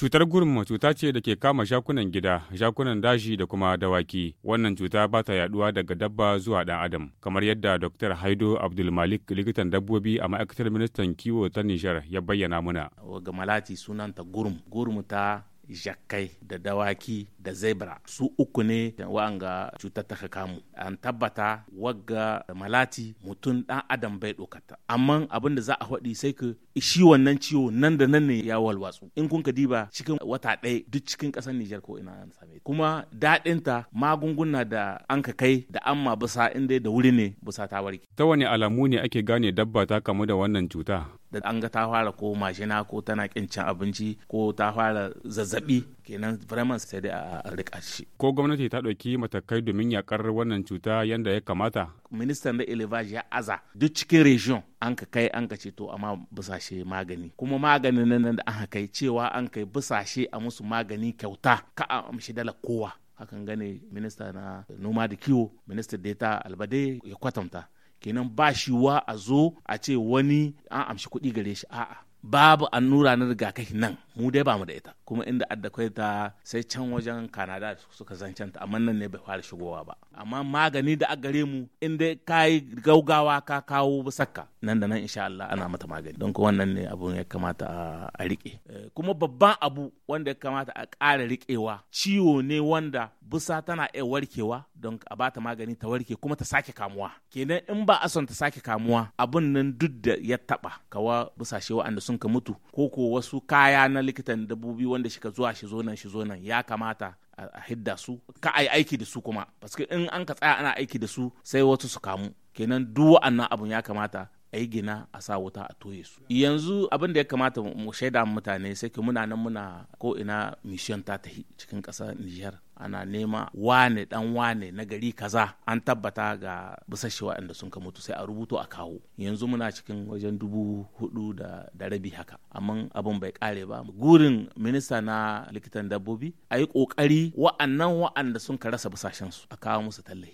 Cutar gurma cuta ce da ke kama shakunan gida, shakunan daji da kuma dawaki. Wannan cuta ba ta yaduwa daga dabba zuwa ɗan adam. Kamar yadda Dr. Haido Abdulmalik likitan dabbobi a ma'aikatar ministan kiwo ta Nijar ya bayyana muna. Ga malati sunanta gurm. Gurm ta jakkai da dawaki da zebra su uku ne wa'anga cutar ta kamu an tabbata wagga malati mutum dan adam bai dokata amma abin da za a faɗi sai ka shi wannan ciwo nan da nan ne ya walwatsu in kun ka diba cikin wata ɗaya duk cikin ƙasar Nijar ko ina an same kuma daɗinta magunguna da an ka kai da amma bisa inda da wuri ne bisa ta warke ta wani alamu ne ake gane dabba ta kamu da wannan cuta da an ga ta fara ko mashina ko tana kin cin abinci ko ta fara zazzabi kenan vraiment sai dai a rika shi ko gwamnati ta ɗauki matakai domin yakar wannan cuta yanda ya kamata ministan da elevage ya aza duk cikin region an ka kai an ka ce to amma busashe magani kuma maganin nan da an kai cewa an kai busashe a musu magani kyauta ka a amshi dala kowa hakan gane minista na noma da kiwo minista data albade ya kwatanta kenan ba shi wa a zo a ce wani an amshi kuɗi gare shi a'a babu annura na rigakafi nan mu dai ba mu da ita kuma inda adda ta sai can wajen kanada suka zancanta amma nan ne bai fara shigowa ba amma magani da a gare mu in dai ka yi gaugawa ka kawo bisakka nan da nan insha Allah ana mata magani don ko wannan ne abun ya kamata a rike eh, kuma babban abu wanda ya kamata a ƙara rikewa ciwo ne wanda busa tana iya warkewa don a bata magani ta warke kuma ta sake kamuwa kenan in ba a son ta sake kamuwa abun nan duk da ya taba kawa busashe waɗanda sun ka mutu ko ko wasu kaya na likitan dabbobi wanda shi ka zuwa shi zo nan shi zo nan ya kamata a hidda su ka a yi aiki da su kuma paske in an ka tsaya ana aiki da su sai wasu su kamu kenan duk wa'annan abun ya kamata a gina a sa wuta a toye su yanzu abin da ya kamata mu shaida mutane sai ke muna nan muna ko ina mission ta tahi cikin ƙasa Nijar ana nema wane dan wane na gari kaza an tabbata ga busashe waɗanda sun ka mutu sai a rubuto a kawo yanzu muna cikin wajen dubu hudu da, da rabi haka amma abin bai kare ba gurin minista na likitan dabbobi a yi kokari wa'annan wa'anda sun ka rasa busashen su a kawo musu tallahi